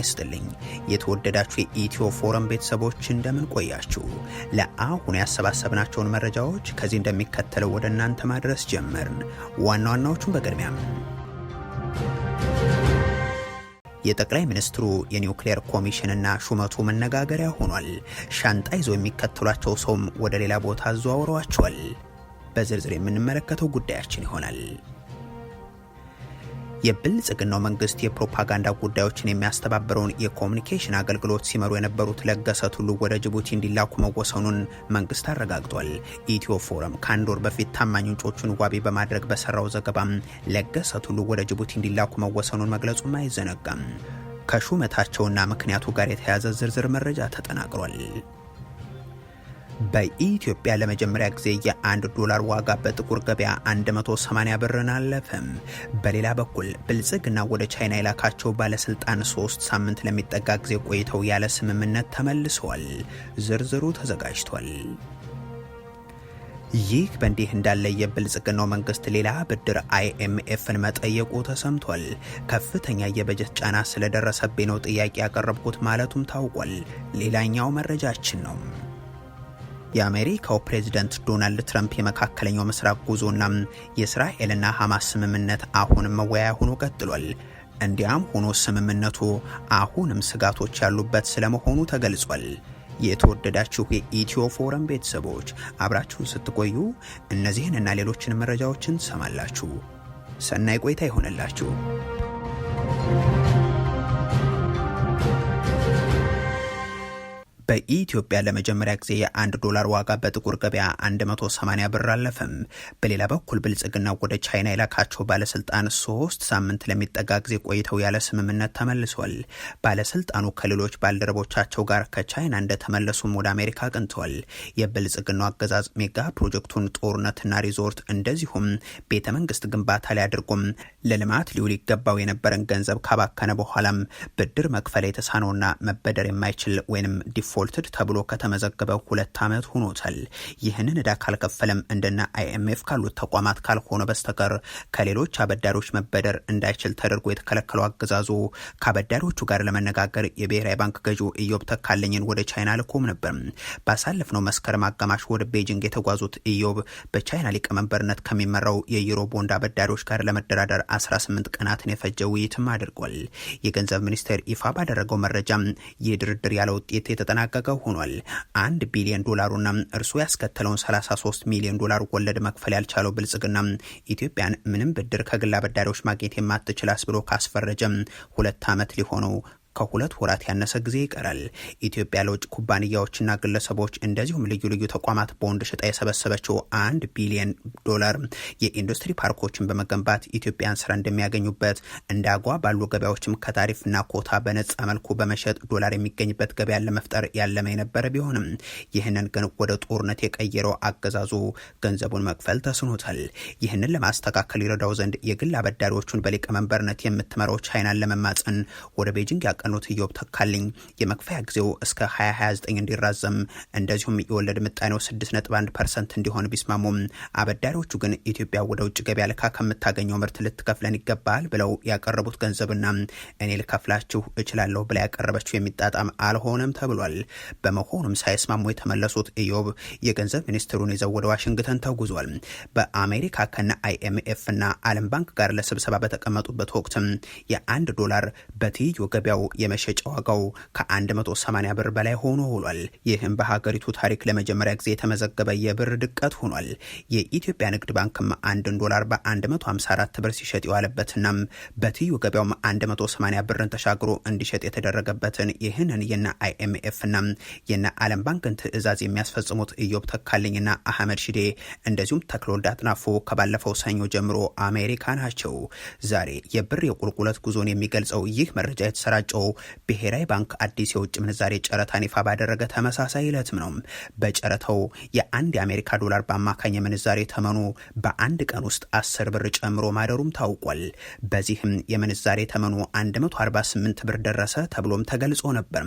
ይስጥልኝ የተወደዳችሁ የኢትዮ ፎረም ቤተሰቦች እንደምን ቆያችሁ። ለአሁን ያሰባሰብናቸውን መረጃዎች ከዚህ እንደሚከተለው ወደ እናንተ ማድረስ ጀመርን። ዋና ዋናዎቹን በቅድሚያም የጠቅላይ ሚኒስትሩ የኒውክሌር ኮሚሽንና ሹመቱ መነጋገሪያ ሆኗል። ሻንጣ ይዞ የሚከተሏቸው ሰውም ወደ ሌላ ቦታ አዘዋውረዋቸዋል። በዝርዝር የምንመለከተው ጉዳያችን ይሆናል። የብልጽግናው መንግስት የፕሮፓጋንዳ ጉዳዮችን የሚያስተባብረውን የኮሚኒኬሽን አገልግሎት ሲመሩ የነበሩት ለገሰ ቱሉ ወደ ጅቡቲ እንዲላኩ መወሰኑን መንግስት አረጋግጧል። ኢትዮ ፎረም ከአንድ ወር በፊት ታማኝ ምንጮቹን ዋቢ በማድረግ በሰራው ዘገባም ለገሰ ቱሉ ወደ ጅቡቲ እንዲላኩ መወሰኑን መግለጹም አይዘነጋም። ከሹመታቸውና ምክንያቱ ጋር የተያያዘ ዝርዝር መረጃ ተጠናቅሯል። በኢትዮጵያ ለመጀመሪያ ጊዜ የአንድ ዶላር ዋጋ በጥቁር ገበያ 180 ብርን አለፈም። በሌላ በኩል ብልጽግና ወደ ቻይና የላካቸው ባለስልጣን ሶስት ሳምንት ለሚጠጋ ጊዜ ቆይተው ያለ ስምምነት ተመልሰዋል። ዝርዝሩ ተዘጋጅቷል። ይህ በእንዲህ እንዳለ የብልጽግናው መንግስት ሌላ ብድር አይኤምኤፍን መጠየቁ ተሰምቷል። ከፍተኛ የበጀት ጫና ስለደረሰብኝ ነው ጥያቄ ያቀረብኩት ማለቱም ታውቋል። ሌላኛው መረጃችን ነው። የአሜሪካው ፕሬዚደንት ዶናልድ ትራምፕ የመካከለኛው ምስራቅ ጉዞና የእስራኤልና ሐማስ ስምምነት አሁንም መወያያ ሆኖ ቀጥሏል። እንዲያም ሆኖ ስምምነቱ አሁንም ስጋቶች ያሉበት ስለመሆኑ ተገልጿል። የተወደዳችሁ የኢትዮ ፎረም ቤተሰቦች አብራችሁን ስትቆዩ እነዚህንና ሌሎችን መረጃዎችን ትሰማላችሁ። ሰናይ ቆይታ ይሆነላችሁ። በኢትዮጵያ ለመጀመሪያ ጊዜ የአንድ ዶላር ዋጋ በጥቁር ገበያ 180 ብር አለፈም። በሌላ በኩል ብልጽግና ወደ ቻይና የላካቸው ባለስልጣን ሶስት ሳምንት ለሚጠጋ ጊዜ ቆይተው ያለ ስምምነት ተመልሷል። ባለስልጣኑ ከሌሎች ባልደረቦቻቸው ጋር ከቻይና እንደተመለሱም ወደ አሜሪካ አቅንተዋል። የብልጽግናው አገዛዝ ሜጋ ፕሮጀክቱን ጦርነትና ሪዞርት እንደዚሁም ቤተ መንግስት ግንባታ ላይ አድርጎም ለልማት ሊውል ይገባው የነበረን ገንዘብ ካባከነ በኋላም ብድር መክፈል የተሳነውና መበደር የማይችል ወይንም ዲፎልት ሪፖርትድ ተብሎ ከተመዘገበው ሁለት ዓመት ሆኖታል። ይህንን እዳ ካልከፈለም እንደና አይኤምኤፍ ካሉት ተቋማት ካልሆነ በስተቀር ከሌሎች አበዳሪዎች መበደር እንዳይችል ተደርጎ የተከለከለው አገዛዙ ከአበዳሪዎቹ ጋር ለመነጋገር የብሔራዊ ባንክ ገዢው ኢዮብ ተካለኝን ወደ ቻይና ልኮም ነበር። ባሳለፍነው መስከረም አጋማሽ ወደ ቤጂንግ የተጓዙት ኢዮብ በቻይና ሊቀመንበርነት ከሚመራው የዩሮ ቦንድ አበዳሪዎች ጋር ለመደራደር 18 ቀናትን የፈጀ ውይይትም አድርጓል። የገንዘብ ሚኒስቴር ይፋ ባደረገው መረጃም ይህ ድርድር ያለ ውጤት የተጠናቀቀ ፍለጋው ሆኗል። አንድ ቢሊዮን ዶላሩና እርሱ ያስከተለውን 33 ሚሊዮን ዶላር ወለድ መክፈል ያልቻለው ብልጽግና ኢትዮጵያን ምንም ብድር ከግል አበዳሪዎች ማግኘት የማትችል አስብሎ ካስፈረጀም ሁለት ዓመት ሊሆነው ከሁለት ወራት ያነሰ ጊዜ ይቀራል። ኢትዮጵያ ለውጭ ኩባንያዎችና ግለሰቦች እንደዚሁም ልዩ ልዩ ተቋማት በወንድ ሽጣ የሰበሰበችው አንድ ቢሊዮን ዶላር የኢንዱስትሪ ፓርኮችን በመገንባት ኢትዮጵያን ስራ እንደሚያገኙበት እንደ አጓ ባሉ ገበያዎችም ከታሪፍና ኮታ በነጻ መልኩ በመሸጥ ዶላር የሚገኝበት ገበያን ለመፍጠር ያለመ የነበረ ቢሆንም ይህንን ግን ወደ ጦርነት የቀየረው አገዛዙ ገንዘቡን መክፈል ተስኖታል። ይህንን ለማስተካከል ይረዳው ዘንድ የግል አበዳሪዎቹን በሊቀመንበርነት የምትመራው ቻይናን ለመማፀን ወደ ቤጂንግ ያቀ ያቀኑት ኢዮብ ተካልኝ የመክፈያ ጊዜው እስከ 2029 እንዲራዘም እንደዚሁም የወለድ ምጣኔው 6.1 ፐርሰንት እንዲሆን ቢስማሙም አበዳሪዎቹ ግን ኢትዮጵያ ወደ ውጭ ገበያ ልካ ከምታገኘው ምርት ልትከፍለን ይገባል ብለው ያቀረቡት ገንዘብና እኔ ልከፍላችሁ እችላለሁ ብላ ያቀረበችው የሚጣጣም አልሆነም ተብሏል። በመሆኑም ሳይስማሙ የተመለሱት ኢዮብ የገንዘብ ሚኒስትሩን ይዘው ወደ ዋሽንግተን ተጉዟል። በአሜሪካ ከነ አይኤምኤፍ እና ዓለም ባንክ ጋር ለስብሰባ በተቀመጡበት ወቅትም የአንድ ዶላር በትይዩ ገበያው የመሸጫ ዋጋው ከ180 ብር በላይ ሆኖ ውሏል። ይህም በሀገሪቱ ታሪክ ለመጀመሪያ ጊዜ የተመዘገበ የብር ድቀት ሆኗል። የኢትዮጵያ ንግድ ባንክም አንድን ዶላር በ154 ብር ሲሸጥ የዋለበትና በትዩ ገበያውም 180 ብርን ተሻግሮ እንዲሸጥ የተደረገበትን ይህንን የና አይኤምኤፍና የና ዓለም ባንክን ትዕዛዝ የሚያስፈጽሙት ኢዮብ ተካልኝና አህመድ ሽዴ እንደዚሁም ተክሎወልድ አጥናፎ ከባለፈው ሰኞ ጀምሮ አሜሪካ ናቸው። ዛሬ የብር የቁልቁለት ጉዞን የሚገልጸው ይህ መረጃ የተሰራጨው መግለጻቸው ብሔራዊ ባንክ አዲስ የውጭ ምንዛሬ ጨረታን ይፋ ባደረገ ተመሳሳይ ለት ነው። በጨረታው የአንድ የአሜሪካ ዶላር በአማካኝ የምንዛሬ ተመኑ በአንድ ቀን ውስጥ አስር ብር ጨምሮ ማደሩም ታውቋል። በዚህም የምንዛሬ ተመኑ 148 ብር ደረሰ ተብሎም ተገልጾ ነበር።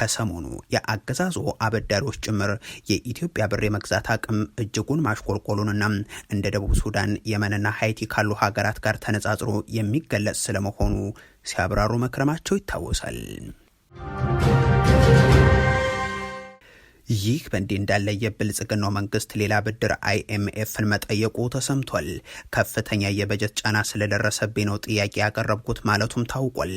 ከሰሞኑ የአገዛዞ አበዳሪዎች ጭምር የኢትዮጵያ ብር የመግዛት አቅም እጅጉን ማሽቆልቆሉንና እንደ ደቡብ ሱዳን፣ የመንና ሀይቲ ካሉ ሀገራት ጋር ተነጻጽሮ የሚገለጽ ስለመሆኑ ሲያብራሩ መክረማቸው ይታወሳል። ይህ በእንዲህ እንዳለ የብልጽግናው መንግስት ሌላ ብድር አይኤምኤፍን መጠየቁ ተሰምቷል። ከፍተኛ የበጀት ጫና ስለደረሰብኝ ነው ጥያቄ ያቀረብኩት ማለቱም ታውቋል።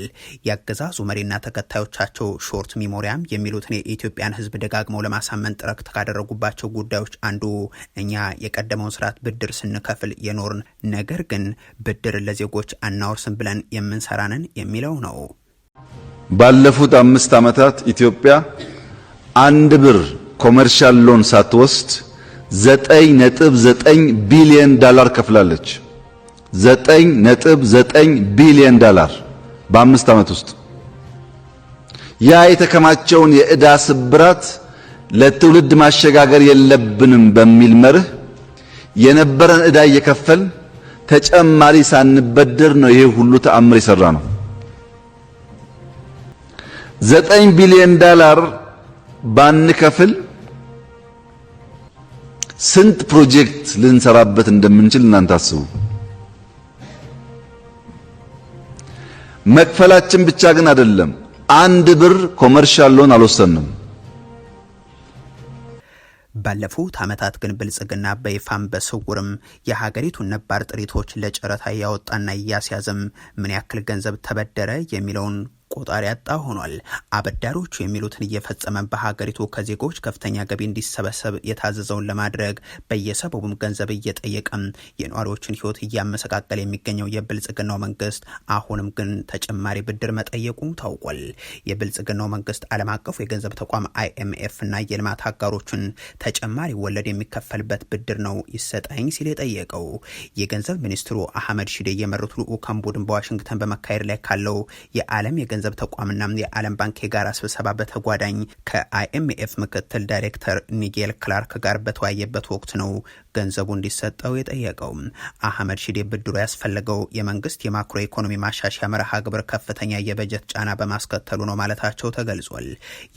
የአገዛዙ መሪና ተከታዮቻቸው ሾርት ሚሞሪያም የሚሉትን የኢትዮጵያን ሕዝብ ደጋግመው ለማሳመን ጥረት ካደረጉባቸው ጉዳዮች አንዱ እኛ የቀደመውን ስርዓት ብድር ስንከፍል የኖርን ነገር ግን ብድር ለዜጎች አናወርስም ብለን የምንሰራንን የሚለው ነው። ባለፉት አምስት ዓመታት ኢትዮጵያ አንድ ብር ኮመርሻል ሎን ሳትወስድ 9.9 ቢሊዮን ዳላር ከፍላለች። 9.9 ቢሊዮን ዳላር በአምስት ዓመት ውስጥ ያ የተከማቸውን የዕዳ ስብራት ለትውልድ ማሸጋገር የለብንም በሚል መርህ የነበረን ዕዳ እየከፈል ተጨማሪ ሳንበደር ነው ይሄ ሁሉ ተአምር የሰራ ነው። ዘጠኝ ቢሊዮን ዳላር ባንከፍል ስንት ፕሮጀክት ልንሰራበት እንደምንችል እናንተ አስቡ። መክፈላችን ብቻ ግን አይደለም። አንድ ብር ኮመርሻል ሎን አልወሰንም። ባለፉት ዓመታት ግን ብልጽግና በይፋም በስውርም የሀገሪቱን ነባር ጥሪቶች ለጨረታ እያወጣና እያስያዘም ምን ያክል ገንዘብ ተበደረ የሚለውን ቆጣሪ ያጣ ሆኗል። አበዳሪዎቹ የሚሉትን እየፈጸመ በሀገሪቱ ከዜጎች ከፍተኛ ገቢ እንዲሰበሰብ የታዘዘውን ለማድረግ በየሰበቡም ገንዘብ እየጠየቀም የነዋሪዎችን ሕይወት እያመሰቃቀል የሚገኘው የብልጽግናው መንግስት አሁንም ግን ተጨማሪ ብድር መጠየቁ ታውቋል። የብልጽግናው መንግስት ዓለም አቀፉ የገንዘብ ተቋም አይኤምኤፍ እና የልማት አጋሮችን ተጨማሪ ወለድ የሚከፈልበት ብድር ነው ይሰጣኝ ሲል የጠየቀው የገንዘብ ሚኒስትሩ አህመድ ሺዴ የመሩት ልዑካን ቡድን በዋሽንግተን በመካሄድ ላይ ካለው የዓለም የገንዘብ ተቋምና የዓለም ባንክ የጋራ ስብሰባ በተጓዳኝ ከአይኤምኤፍ ምክትል ዳይሬክተር ኒጌል ክላርክ ጋር በተወያየበት ወቅት ነው ገንዘቡ እንዲሰጠው የጠየቀው። አህመድ ሺዴ ብድሩ ያስፈለገው የመንግስት የማክሮ ኢኮኖሚ ማሻሻያ መርሃ ግብር ከፍተኛ የበጀት ጫና በማስከተሉ ነው ማለታቸው ተገልጿል።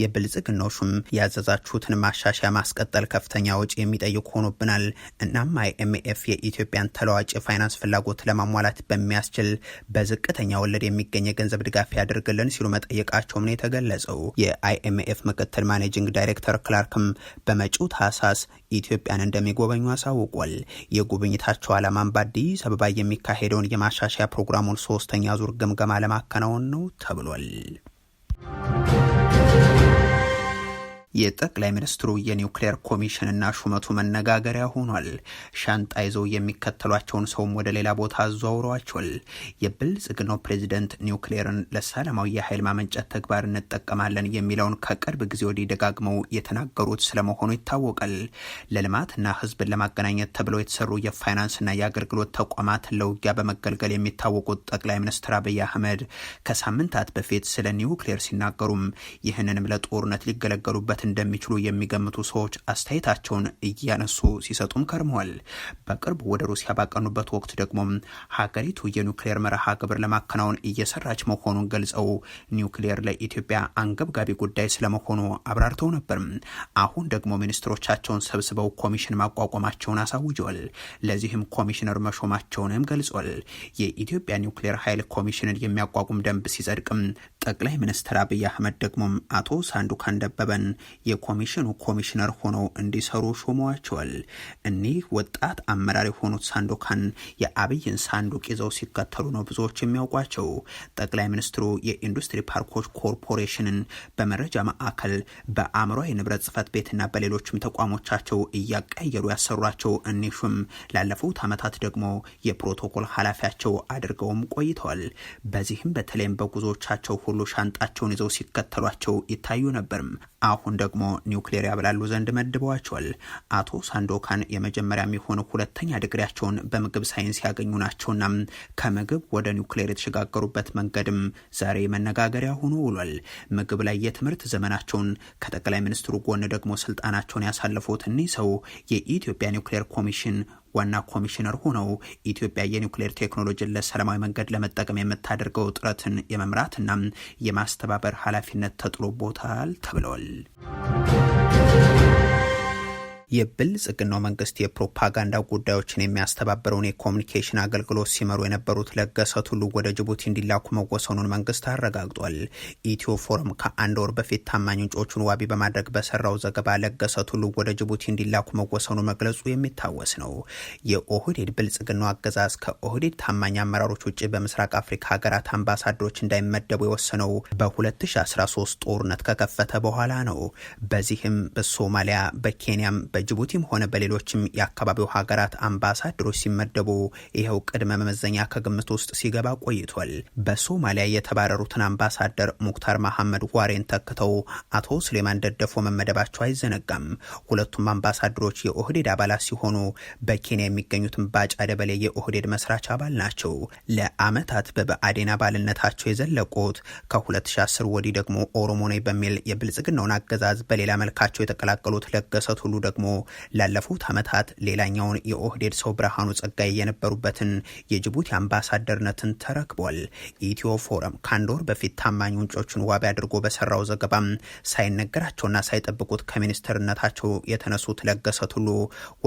የብልጽግናዎቹም ያዘዛችሁትን ማሻሻያ ማስቀጠል ከፍተኛ ወጪ የሚጠይቅ ሆኖብናል፣ እናም አይኤምኤፍ የኢትዮጵያን ተለዋጭ ፋይናንስ ፍላጎት ለማሟላት በሚያስችል በዝቅተኛ ወለድ የሚገኝ የገንዘብ ድጋፍ ያደርግልን ሲሉ መጠየቃቸውም ነው የተገለጸው። የአይኤምኤፍ ምክትል ማኔጂንግ ዳይሬክተር ክላርክም በመጪው ታህሳስ ኢትዮጵያን እንደሚጎበኙ አሳውቋል። የጉብኝታቸው ዓላማም በአዲስ አበባ የሚካሄደውን የማሻሻያ ፕሮግራሙን ሶስተኛ ዙር ግምገማ ለማከናወን ነው ተብሏል። የጠቅላይ ሚኒስትሩ የኒውክሌር ኮሚሽንና ሹመቱ መነጋገሪያ ሆኗል። ሻንጣ ይዘው የሚከተሏቸውን ሰውም ወደ ሌላ ቦታ አዘዋውረዋቸዋል። የብልጽግናው ፕሬዚደንት ኒውክሌርን ለሰላማዊ የኃይል ማመንጨት ተግባር እንጠቀማለን የሚለውን ከቅርብ ጊዜ ወዲህ ደጋግመው የተናገሩት ስለመሆኑ ይታወቃል። ለልማትና ህዝብን ለማገናኘት ተብለው የተሰሩ የፋይናንስና የአገልግሎት ተቋማት ለውጊያ በመገልገል የሚታወቁት ጠቅላይ ሚኒስትር አብይ አህመድ ከሳምንታት በፊት ስለ ኒውክሌር ሲናገሩም ይህንንም ለጦርነት ሊገለገሉበት እንደሚችሉ የሚገምቱ ሰዎች አስተያየታቸውን እያነሱ ሲሰጡም ከርመዋል። በቅርብ ወደ ሩሲያ ባቀኑበት ወቅት ደግሞ ሀገሪቱ የኒውክሌር መርሃ ግብር ለማከናወን እየሰራች መሆኑን ገልጸው ኒውክሌር ለኢትዮጵያ አንገብጋቢ ጉዳይ ስለመሆኑ አብራርተው ነበር። አሁን ደግሞ ሚኒስትሮቻቸውን ሰብስበው ኮሚሽን ማቋቋማቸውን አሳውጀዋል። ለዚህም ኮሚሽነር መሾማቸውንም ገልጿል። የኢትዮጵያ ኒውክሌር ኃይል ኮሚሽንን የሚያቋቁም ደንብ ሲጸድቅም ጠቅላይ ሚኒስትር አብይ አህመድ ደግሞም አቶ ሳንዱካን ደበበን የኮሚሽኑ ኮሚሽነር ሆነው እንዲሰሩ ሾመዋቸዋል። እኒህ ወጣት አመራር የሆኑት ሳንዶካን የአብይን ሳንዱቅ ይዘው ሲከተሉ ነው ብዙዎች የሚያውቋቸው። ጠቅላይ ሚኒስትሩ የኢንዱስትሪ ፓርኮች ኮርፖሬሽንን በመረጃ ማዕከል በአእምሯዊ ንብረት ጽህፈት ቤትና በሌሎችም ተቋሞቻቸው እያቀየሩ ያሰሯቸው እኒሹም ላለፉት ዓመታት ደግሞ የፕሮቶኮል ኃላፊያቸው አድርገውም ቆይተዋል። በዚህም በተለይም በጉዞዎቻቸው ሁሉ ሻንጣቸውን ይዘው ሲከተሏቸው ይታዩ ነበርም አሁን ደግሞ ኒውክሌር ያብላሉ ዘንድ መድበዋቸዋል። አቶ ሳንዶካን የመጀመሪያ የሚሆኑ ሁለተኛ ድግሪያቸውን በምግብ ሳይንስ ያገኙ ናቸውና ከምግብ ወደ ኒውክሌር የተሸጋገሩበት መንገድም ዛሬ መነጋገሪያ ሆኖ ውሏል። ምግብ ላይ የትምህርት ዘመናቸውን ከጠቅላይ ሚኒስትሩ ጎን ደግሞ ስልጣናቸውን ያሳለፉት እኒህ ሰው የኢትዮጵያ ኒውክሌር ኮሚሽን ዋና ኮሚሽነር ሆነው ኢትዮጵያ የኒውክሌር ቴክኖሎጂን ለሰላማዊ መንገድ ለመጠቀም የምታደርገው ጥረትን የመምራትና የማስተባበር ኃላፊነት ተጥሎቦታል ተብለዋል። የብልጽግናው መንግስት የፕሮፓጋንዳ ጉዳዮችን የሚያስተባብረውን የኮሚኒኬሽን አገልግሎት ሲመሩ የነበሩት ለገሰ ቱሉ ወደ ጅቡቲ እንዲላኩ መወሰኑን መንግስት አረጋግጧል። ኢትዮ ፎረም ከአንድ ወር በፊት ታማኝ ምንጮቹን ዋቢ በማድረግ በሰራው ዘገባ ለገሰ ቱሉ ወደ ጅቡቲ እንዲላኩ መወሰኑ መግለጹ የሚታወስ ነው። የኦህዴድ ብልጽግናው አገዛዝ ከኦህዴድ ታማኝ አመራሮች ውጭ በምስራቅ አፍሪካ ሀገራት አምባሳደሮች እንዳይመደቡ የወሰነው በ2013 ጦርነት ከከፈተ በኋላ ነው። በዚህም በሶማሊያ በኬንያም በ በጅቡቲም ሆነ በሌሎችም የአካባቢው ሀገራት አምባሳደሮች ሲመደቡ ይኸው ቅድመ መመዘኛ ከግምት ውስጥ ሲገባ ቆይቷል። በሶማሊያ የተባረሩትን አምባሳደር ሙክታር መሐመድ ዋሬን ተክተው አቶ ስሌማን ደደፎ መመደባቸው አይዘነጋም። ሁለቱም አምባሳደሮች የኦህዴድ አባላት ሲሆኑ በኬንያ የሚገኙትን ባጫ ደበሌ የኦህዴድ መስራች አባል ናቸው። ለአመታት በብአዴን አባልነታቸው የዘለቁት ከ2010 ወዲህ ደግሞ ኦሮሞ ነኝ በሚል የብልጽግናውን አገዛዝ በሌላ መልካቸው የተቀላቀሉት ለገሰ ቱሉ ደግሞ ደግሞ ላለፉት ዓመታት ሌላኛውን የኦህዴድ ሰው ብርሃኑ ጸጋይ የነበሩበትን የጅቡቲ አምባሳደርነትን ተረክቧል። ኢትዮ ፎረም ከአንድ ወር በፊት ታማኝ ምንጮቹን ዋቢ አድርጎ በሰራው ዘገባም ሳይነገራቸውና ሳይጠብቁት ከሚኒስትርነታቸው የተነሱት ለገሰ ቱሉ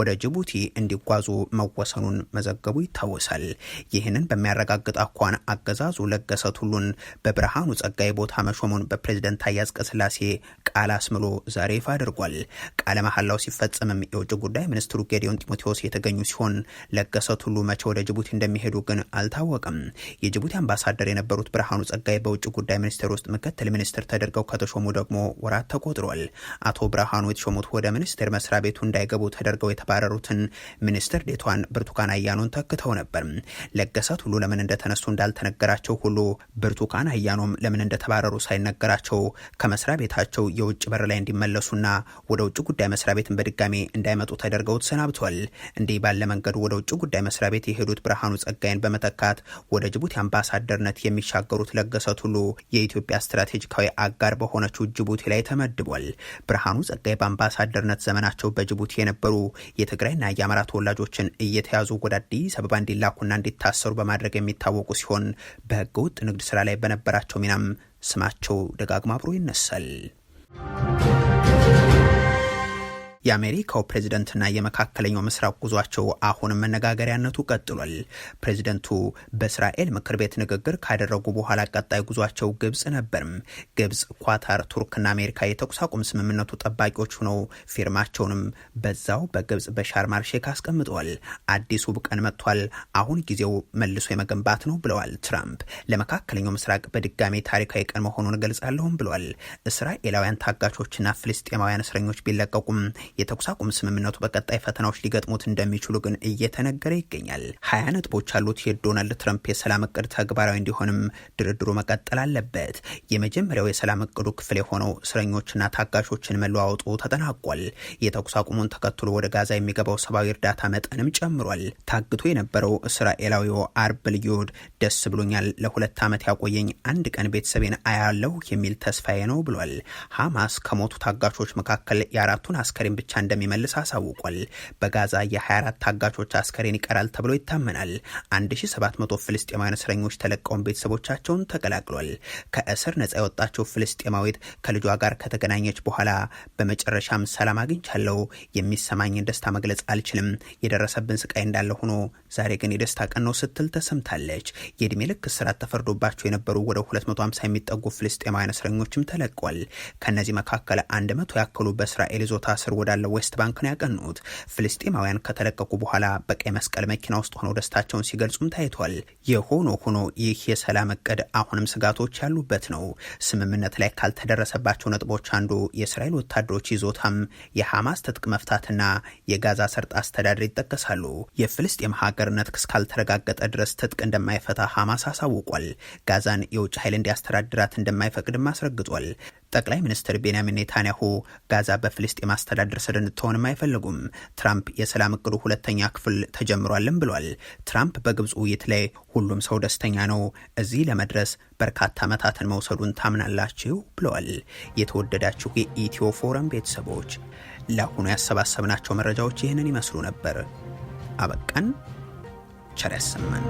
ወደ ጅቡቲ እንዲጓዙ መወሰኑን መዘገቡ ይታወሳል። ይህንን በሚያረጋግጥ አኳን አገዛዙ ለገሰ ቱሉን በብርሃኑ ጸጋይ ቦታ መሾሙን በፕሬዝደንት አያዝቀስላሴ አጽቀሥላሴ ቃል አስምሎ ዛሬ ይፋ አድርጓል። ቃለ መሐላው ሲፈ እንዲፈጸምም የውጭ ጉዳይ ሚኒስትሩ ጌዲዮን ጢሞቴዎስ የተገኙ ሲሆን ለገሰ ቱሉ መቼ ወደ ጅቡቲ እንደሚሄዱ ግን አልታወቅም። የጅቡቲ አምባሳደር የነበሩት ብርሃኑ ጸጋይ በውጭ ጉዳይ ሚኒስቴር ውስጥ ምክትል ሚኒስትር ተደርገው ከተሾሙ ደግሞ ወራት ተቆጥሯል። አቶ ብርሃኑ የተሾሙት ወደ ሚኒስቴር መስሪያ ቤቱ እንዳይገቡ ተደርገው የተባረሩትን ሚኒስትር ዴቷን ብርቱካን አያኖን ተክተው ነበር። ለገሰ ቱሉ ለምን እንደተነሱ እንዳልተነገራቸው ሁሉ ብርቱካን አያኖም ለምን እንደተባረሩ ሳይነገራቸው ከመስሪያ ቤታቸው የውጭ በር ላይ እንዲመለሱና ወደ ውጭ ጉዳይ መስሪያ ቤትን ድጋሜ እንዳይመጡ ተደርገው ተሰናብቷል። እንዲህ ባለ መንገዱ ወደ ውጭ ጉዳይ መስሪያ ቤት የሄዱት ብርሃኑ ጸጋይን በመተካት ወደ ጅቡቲ አምባሳደርነት የሚሻገሩት ለገሰ ቱሉ የኢትዮጵያ ስትራቴጂካዊ አጋር በሆነችው ጅቡቲ ላይ ተመድቧል። ብርሃኑ ጸጋይ በአምባሳደርነት ዘመናቸው በጅቡቲ የነበሩ የትግራይና የአማራ ተወላጆችን እየተያዙ ወደ አዲስ አበባ እንዲላኩና እንዲታሰሩ በማድረግ የሚታወቁ ሲሆን በህገወጥ ንግድ ስራ ላይ በነበራቸው ሚናም ስማቸው ደጋግማ አብሮ ይነሳል። የአሜሪካው ፕሬዝደንትና የመካከለኛው ምስራቅ ጉዟቸው አሁንም መነጋገሪያነቱ ቀጥሏል። ፕሬዝደንቱ በእስራኤል ምክር ቤት ንግግር ካደረጉ በኋላ ቀጣይ ጉዟቸው ግብጽ ነበርም። ግብጽ፣ ኳታር፣ ቱርክና አሜሪካ የተኩስ አቁም ስምምነቱ ጠባቂዎች ሆነው ፊርማቸውንም በዛው በግብጽ በሻርማርሼክ አስቀምጠዋል። አዲሱ ብቀን መጥቷል፣ አሁን ጊዜው መልሶ የመገንባት ነው ብለዋል ትራምፕ። ለመካከለኛው ምስራቅ በድጋሜ ታሪካዊ ቀን መሆኑን ገልጻለሁም ብለዋል። እስራኤላውያን ታጋቾችና ፍልስጤማውያን እስረኞች ቢለቀቁም የተኩስ አቁም ስምምነቱ በቀጣይ ፈተናዎች ሊገጥሙት እንደሚችሉ ግን እየተነገረ ይገኛል። ሀያ ነጥቦች ያሉት የዶናልድ ትረምፕ የሰላም እቅድ ተግባራዊ እንዲሆንም ድርድሩ መቀጠል አለበት። የመጀመሪያው የሰላም እቅዱ ክፍል የሆነው እስረኞችና ታጋሾችን መለዋወጡ ተጠናቋል። የተኩስ አቁሙን ተከትሎ ወደ ጋዛ የሚገባው ሰብአዊ እርዳታ መጠንም ጨምሯል። ታግቶ የነበረው እስራኤላዊው አርብ ልዩድ ደስ ብሎኛል፣ ለሁለት ዓመት ያቆየኝ አንድ ቀን ቤተሰቤን አያለሁ የሚል ተስፋዬ ነው ብሏል። ሐማስ ከሞቱ ታጋሾች መካከል የአራቱን አስከሬን ብቻ እንደሚመልስ አሳውቋል። በጋዛ የ24 ታጋቾች አስከሬን ይቀራል ተብሎ ይታመናል። 1700 ፍልስጤማውያን እስረኞች ተለቀውን ቤተሰቦቻቸውን ተቀላቅሏል። ከእስር ነጻ የወጣቸው ፍልስጤማዊት ከልጇ ጋር ከተገናኘች በኋላ በመጨረሻም ሰላም አግኝቻለሁ፣ የሚሰማኝን ደስታ መግለጽ አልችልም፣ የደረሰብን ስቃይ እንዳለ ሆኖ ዛሬ ግን የደስታ ቀን ነው ስትል ተሰምታለች። የእድሜ ልክ እስራት ተፈርዶባቸው የነበሩ ወደ 250 የሚጠጉ ፍልስጤማውያን እስረኞችም ተለቋል። ከእነዚህ መካከል 100 ያክሉ በእስራኤል ይዞታ ስር ወዳለው ዌስት ባንክ ነው ያቀኑት። ፍልስጤማውያን ከተለቀቁ በኋላ በቀይ መስቀል መኪና ውስጥ ሆነው ደስታቸውን ሲገልጹም ታይቷል። የሆኖ ሆኖ ይህ የሰላም እቅድ አሁንም ስጋቶች ያሉበት ነው። ስምምነት ላይ ካልተደረሰባቸው ነጥቦች አንዱ የእስራኤል ወታደሮች ይዞታም የሐማስ ትጥቅ መፍታትና የጋዛ ሰርጥ አስተዳደር ይጠቀሳሉ። የፍልስጤም ሀገርነት እስካልተረጋገጠ ድረስ ትጥቅ እንደማይፈታ ሐማስ አሳውቋል። ጋዛን የውጭ ኃይል እንዲያስተዳድራት እንደማይፈቅድም አስረግጧል። ጠቅላይ ሚኒስትር ቤንያሚን ኔታንያሁ ጋዛ በፍልስጤም አስተዳደር ስር እንድትሆንም አይፈልጉም። ትራምፕ የሰላም እቅዱ ሁለተኛ ክፍል ተጀምሯልም ብሏል። ትራምፕ በግብፅ ውይይት ላይ ሁሉም ሰው ደስተኛ ነው፣ እዚህ ለመድረስ በርካታ ዓመታትን መውሰዱን ታምናላችሁ ብለዋል። የተወደዳችሁ የኢትዮ ፎረም ቤተሰቦች ለአሁኑ ያሰባሰብናቸው መረጃዎች ይህንን ይመስሉ ነበር። አበቃን። ቸር ያሰማን።